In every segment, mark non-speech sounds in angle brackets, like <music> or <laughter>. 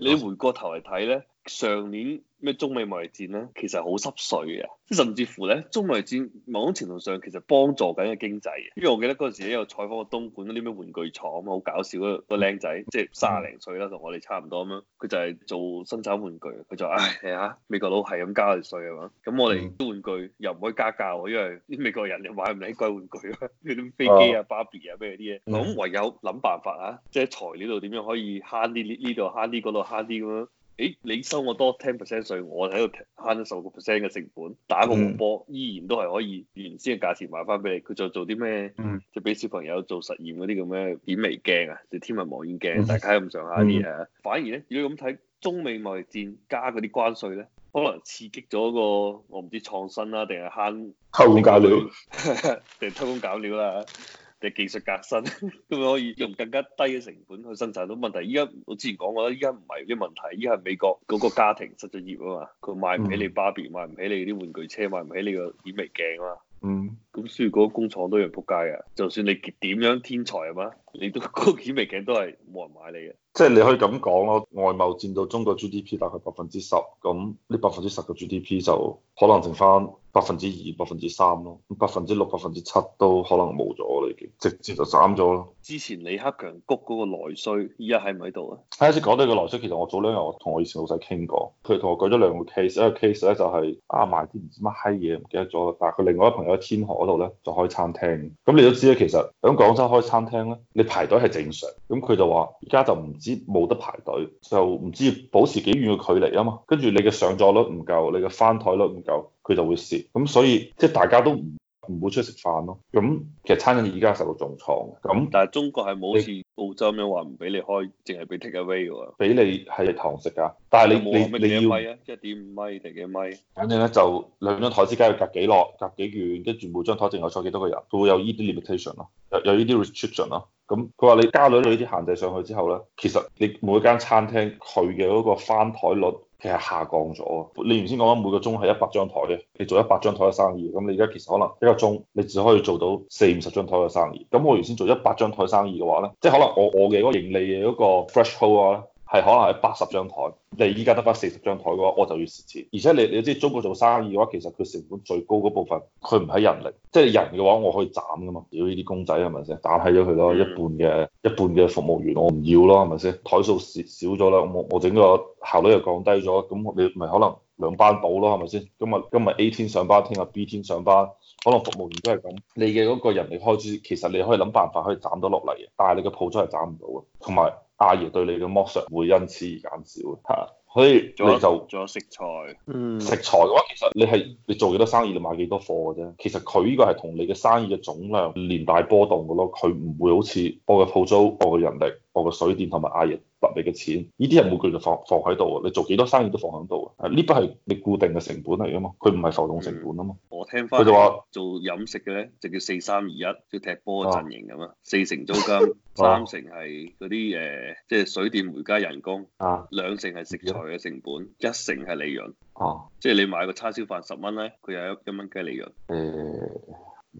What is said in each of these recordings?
你回過頭嚟睇咧。上年咩中美貿易戰咧，其實好濕碎嘅，甚至乎咧，中美戰某種程度上其實幫助緊嘅經濟，啊。因為我記得嗰陣時，有採訪過東莞嗰啲咩玩具廠，啊，好搞笑，那個個靚仔，即係卅零歲啦，同我哋差唔多咁樣，佢就係做生產玩具，佢就唉吓、哎，美國佬係咁加稅啊嘛，咁我哋啲玩具又唔可以加價，因為啲美國人又買唔起貴玩具，嗰啲飛機啊、芭比啊咩啲嘢，咁、啊、唯有諗辦法啊，即係材料度點樣可以慳啲呢？呢度慳啲，嗰度慳啲咁樣。誒，你收我多 ten percent 稅，我喺度慳咗十個 percent 嘅成本，打個紅波依然都係可以原先嘅價錢賣翻俾你。佢、嗯、就做啲咩？即係俾小朋友做實驗嗰啲咁嘅顯微鏡啊，啲天文望遠鏡，大家有咁上下啲嘢。嗯、反而咧，如果咁睇中美貿易戰加嗰啲關稅咧，可能刺激咗個我唔知創新啦，定係慳偷工減料，定係偷工減料啦？嘅技術革新，咁 <laughs> 咪可以用更加低嘅成本去生產到問題？依家我之前講過啦，依家唔係啲問題，依家係美國嗰個家庭失咗業啊嘛，佢買唔起你芭比，買唔、嗯、起你啲玩具車，買唔起你個顯微鏡啊嘛。嗯。咁所以嗰個工廠都要仆街嘅。就算你點樣天才啊嘛，你都個顯微鏡都係冇人買你嘅。即係你可以咁講咯，外貿佔到中國 GDP 大概百分之十，咁呢百分之十嘅 GDP 就可能剩翻。百分之二、百分之三咯，百分之六、百分之七都可能冇咗喇，已經直接就斬咗咯。之前李克強谷嗰個內需，依家喺唔喺度啊？啱先講到個內需，其實我早兩日我同我以前老細傾過，佢同我舉咗兩個 case，一個 case 咧就係賣啲唔知乜閪嘢，唔記得咗。但係佢另外一個朋友喺天河嗰度咧就開餐廳。咁你都知咧，其實喺廣州開餐廳咧，你排隊係正常。咁佢就話：而家就唔知冇得排隊，就唔知保持幾遠嘅距離啊嘛。跟住你嘅上座率唔夠，你嘅翻台率唔夠。佢就會蝕，咁所以即係大家都唔唔會出去食飯咯。咁其實餐飲而家受到重創，咁但係中國係冇好似澳洲咁樣話唔俾你開，淨係俾 takeaway 俾你喺堂食㗎，但係你冇你你一米啊，你要一點五米定幾米？反正咧就兩張台之間要隔幾落、隔幾遠，跟住每張台淨係坐幾多個人，佢會有呢啲 limitation 咯，有有呢啲 restriction 咯。咁佢話你加咗呢啲限制上去之後咧，其實你每間餐廳佢嘅嗰個翻台率。其實下降咗。你原先講緊每個鐘係一百張台嘅，你做一百張台嘅生意，咁你而家其實可能一個鐘，你只可以做到四五十張台嘅生意。咁我原先做一百張台生意嘅話咧，即係可能我我嘅個盈利嘅個個 threshold 啊係可能係八十張台，你依家得翻四十張台嘅話，我就要蝕錢。而且你你知中國做生意嘅話，其實佢成本最高嗰部分，佢唔係人力，即係人嘅話，我可以斬㗎嘛。屌呢啲公仔係咪先？打喺咗佢咯，一半嘅一半嘅服務員我唔要咯，係咪先？台數少少咗啦，我是是我，我整個效率又降低咗，咁你咪可能，兩班倒咯，係咪先？咁啊，今日 A 天上班，聽日 B 天上班，可能服務員都係咁。你嘅嗰個人力開支，其實你可以諗辦法可以斬到落嚟嘅，但係你嘅鋪租係斬唔到嘅。同埋阿爺對你嘅剝削會因此而減少嚇，所以你就仲有食材，嗯，食材嘅話其實你係你做幾多生意，你買幾多貨嘅啫。其實佢呢個係同你嘅生意嘅總量連帶波動嘅咯，佢唔會好似我嘅鋪租、我嘅人力、我嘅水電同埋阿爺。揼嚟嘅錢，呢啲人冇佢做放放喺度啊！你做幾多生意都放喺度啊！呢筆係你固定嘅成本嚟噶嘛，佢唔係浮動成本啊嘛。我聽翻佢就話做飲食嘅咧，就叫四三二一，即踢波陣型咁啊。四成租金，三、啊、成係嗰啲誒，即、呃、係水電煤加人工，兩、啊、成係食材嘅成本，一成係利潤。哦，啊、即係你買個叉燒飯十蚊咧，佢有一蚊雞利潤。誒、嗯，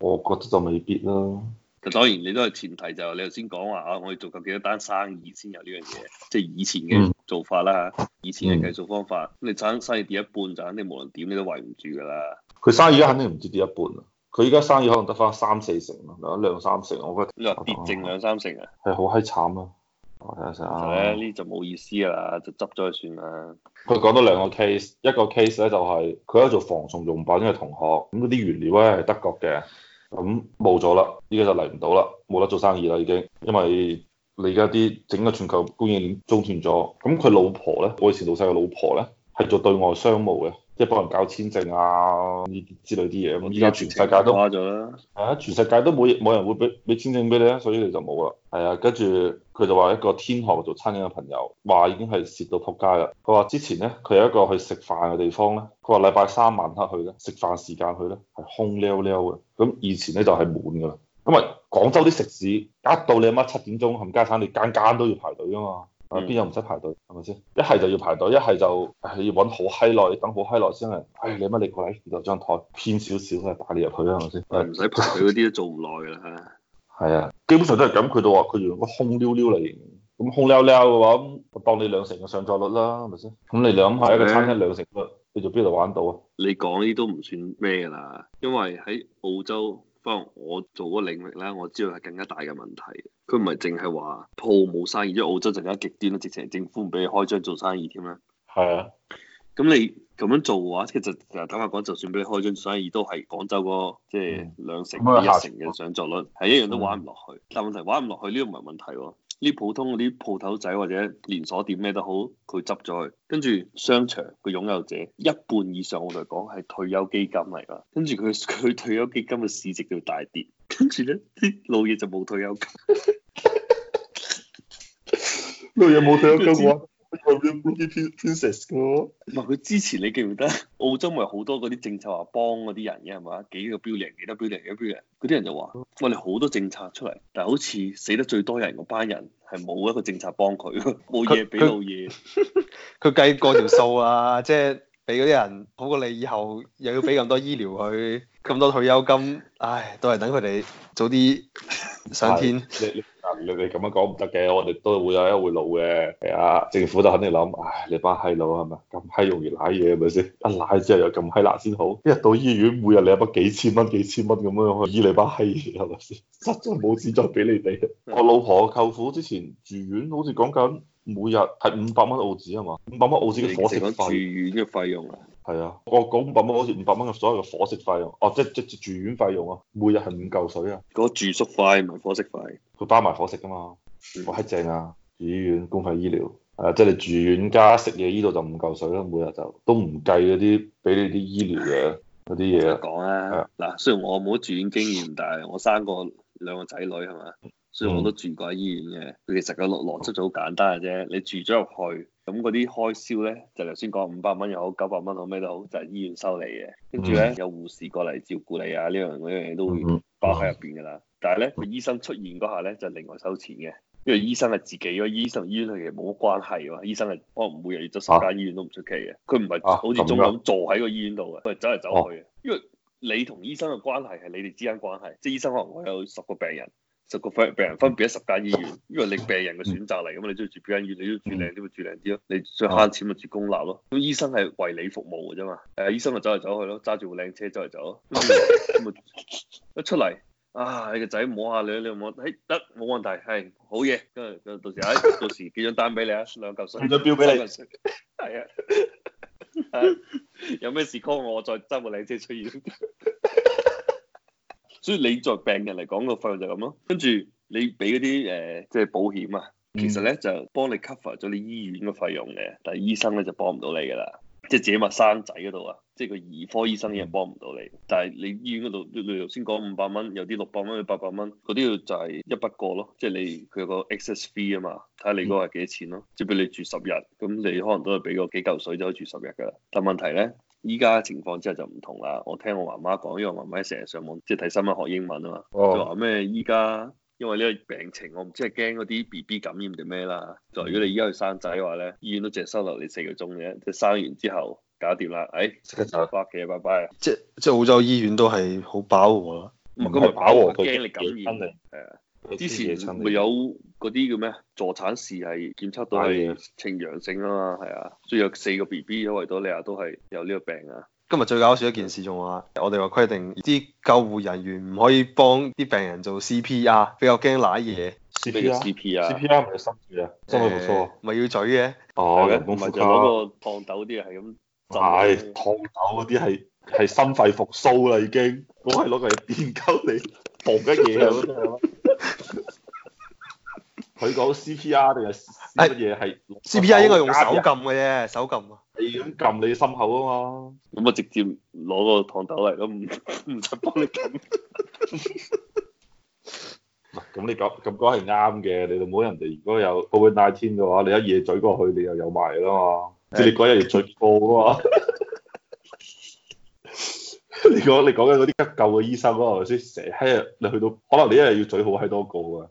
我覺得就未必咯。就當然，你都係前提，就係你頭先講話啊，我哋做夠幾多單生意先有呢樣嘢，即係以前嘅做法啦、嗯、以前嘅計數方法。你爭生意跌一半，就肯定無論點你都圍唔住噶啦。佢生意而家肯定唔止跌一半啊！佢而家生意可能得返三四成咯，兩三成。我覺得你話跌剩兩三成啊，係好閪慘啊！就係呢，就冇意思啦，就執咗去算啦。佢講到兩個 case，一個 case 咧就係佢喺做防蟲用品嘅同學，咁嗰啲原料咧係德國嘅。咁冇咗啦，依家就嚟唔到啦，冇得做生意啦已經，因為你而家啲整個全球供應鏈中斷咗。咁佢老婆呢，我以前老細嘅老婆呢，係做對外商務嘅。即係幫人搞簽證啊，呢啲之類啲嘢，咁而家全世界都係啊，全世界都冇冇人會俾俾簽證俾你啊，所以你就冇啦。係啊，跟住佢就話一個天河做餐飲嘅朋友話已經係蝕到撲街啦。佢話之前咧，佢有一個去食飯嘅地方咧，佢話禮拜三晚黑去咧，食飯時間去咧係空溜溜嘅，咁以前咧就係滿㗎啦。咁為廣州啲食肆，一到你阿媽，媽七點鐘冚家產，你間間都要排隊㗎嘛。啊，邊、嗯、有唔使排隊，係咪先？一係就要排隊，一係就係要搵好嗨耐，等好嗨耐先係。唉，你乜你過嚟？就、那、張、個、台偏少少嘅，打你入去是是，係咪先？誒，唔使排隊嗰啲都做唔耐啦。係啊，基本上都係咁。佢都話佢用個空溜溜嚟，咁空溜溜嘅話，咁我當你兩成嘅上座率啦，係咪先？咁你諗下一個餐廳兩成率，的你做邊度玩到啊？你講呢啲都唔算咩啦，因為喺澳洲，包括我做嗰個領域咧，我知道係更加大嘅問題。佢唔係淨係話鋪冇生意，因為澳洲就更加極端咯，直情政府唔俾你開張做生意添啦。係啊，咁你咁樣做嘅話，其實就坦白講，就算俾你開張做生意，都係廣州嗰即係兩成、嗯、一成嘅上座率，係、嗯、一樣都玩唔落去。嗯、但問題玩唔落去呢個唔係問題。呢普通嗰啲鋪頭仔或者連鎖店咩都好，佢執咗去，跟住商場個擁有者一半以上，我哋嚟講係退休基金嚟㗎，跟住佢佢退休基金嘅市值要大跌，跟住咧啲老嘢就冇退休金， <laughs> 老嘢冇退休金嘅 <laughs> 外邊冇啲偏偏 s 嘅，唔係佢之前你記唔記得澳洲咪好多嗰啲政策話幫嗰啲人嘅係嘛？幾個 billion，幾多 billion，幾多 billion。嗰啲人就話，喂，你好多政策出嚟，但係好似死得最多人嗰班人係冇一個政策幫佢，冇嘢俾老嘢。佢計過條數啊，即係俾嗰啲人好過你以後又要俾咁多醫療佢。咁多退休金，唉，都係等佢哋早啲 <laughs> 上天。 <laughs> 你你咁樣講唔得嘅，我哋都會有一會老嘅。係啊，政府就肯定諗，唉，你班閪佬係咪咁閪容易舐嘢，係咪先？一舐之後又咁閪辣先好，一日到醫院，每日你有筆幾千蚊、幾千蚊咁樣去，醫你班閪嘢係咪先？實在冇錢再俾你哋。我老婆舅父之前住院，好似講緊每日係五百蚊澳紙係嘛？五百蚊澳紙嘅伙食住院嘅費用啊。係啊，我講五百蚊好似五百蚊嘅所有嘅伙食費用，哦、啊，即即住院費用啊，每日係五嚿水啊，嗰住宿費唔係伙食費，佢包埋伙食噶嘛，嗯、哇，正啊，住醫院公費醫療，誒、啊，即係你住院加食嘢依度就五嚿水啦、啊，每日就都唔計嗰啲俾你啲醫療嘢嗰啲嘢啊，講啊，嗱，雖然我冇住院經驗，但係我生過兩個仔女係嘛？所以我都住過醫院嘅，嗯、其實個邏邏輯就好簡單嘅啫，你住咗入去。咁嗰啲開銷咧，就頭先講五百蚊又好，九百蚊好咩都好，就係、是、醫院收你嘅。跟住咧，有護士過嚟照顧你啊，呢樣嗰樣嘢都會包喺入邊噶啦。但係咧，佢醫生出現嗰下咧，就另外收錢嘅，因為醫生係自己咯，因為醫生同醫院其實冇乜關係喎。醫生係可能每日要執十間醫院都唔出奇嘅。佢唔係好似中咁坐喺個醫院度嘅，佢、啊啊、走嚟走去嘅。因為你同醫生嘅關係係你哋之間關係，即、就、係、是、醫生可能我有十個病人。十個病病人分別喺十間醫院，因為你病人嘅選擇嚟，咁你中意住邊間醫院你都住靚啲咪住靚啲咯，你最慳錢咪住公立咯。咁醫生係為你服務嘅啫嘛，誒醫生咪走嚟走去咯，揸住部靚車走嚟走。咁、嗯、咪一出嚟啊，你個仔摸下你，你又摸，得、哎、冇問題，係好嘢。跟住到時，哎到時結張單俾你啊，兩嚿水。俾你兩 <laughs> 啊，有咩事 call 我，我再揸部靚車出現。 <laughs> 所以你作為病人嚟講個費用就係咁咯，跟住你俾嗰啲誒即係保險啊，其實咧就幫你 cover 咗你醫院嘅費用嘅，但係醫生咧就幫唔到你噶啦，即係自己陌生仔嗰度啊，即係個兒科醫生又幫唔到你，但係你醫院嗰度你頭先講五百蚊，有啲六百蚊有八百蚊，嗰啲就係一筆過咯，即係你佢個 excess fee 啊嘛，睇下你嗰個係幾多錢咯，即係俾你住十日，咁你可能都係俾個幾嚿水就可以住十日㗎啦，但係問題咧。依家情況之下就唔同啦。我聽我媽媽講，因為我媽媽成日上網即係睇新聞學英文啊嘛。哦、oh.。就話咩依家因為呢個病情，我唔知係驚嗰啲 BB 感染定咩啦。就如果你依家去生仔嘅話咧，醫院都淨係收留你四個鐘嘅，即係生完之後搞掂啦。誒、哎，即刻走，拜拜，拜拜。即即係澳洲醫院都係好飽和啦，唔係飽和，驚你感染。係啊，之前有會有。嗰啲叫咩？助產士係檢測到係呈陽性啊嘛，係啊是，所以有四個 B B 因維多利亞都係有呢個病啊。今日最搞笑一件事仲話，我哋話規定啲救護人員唔可以幫啲病人做 C P R，比較驚瀨嘢。C P R C P R C P R 唔係心肺復甦啊，心肺復甦咪要嘴嘅、啊。哦，咪、嗯、吧就攞個熨斗啲係咁。係熨斗嗰啲係係心肺復甦啦已經，我係攞嚟電鳩你，搏緊嘢佢講 CPR 定係乜嘢係 CPR？應該用手撳嘅啫，手撳。啊？咁撳你心口啊嘛，咁啊直接攞個糖豆嚟都唔使幫你撳。咁 <laughs> <laughs> 你講咁講係啱嘅，你都冇人哋如果有 COVID-19 嘅話，你一夜嘴過去，你又有埋啦嘛。即係你嗰日要嘴過啊嘛。 <laughs> <laughs> <laughs> 你講你講緊嗰啲急救嘅醫生啊，係咪先？成日你去到，可能你一日要嘴好喺多，多個啊。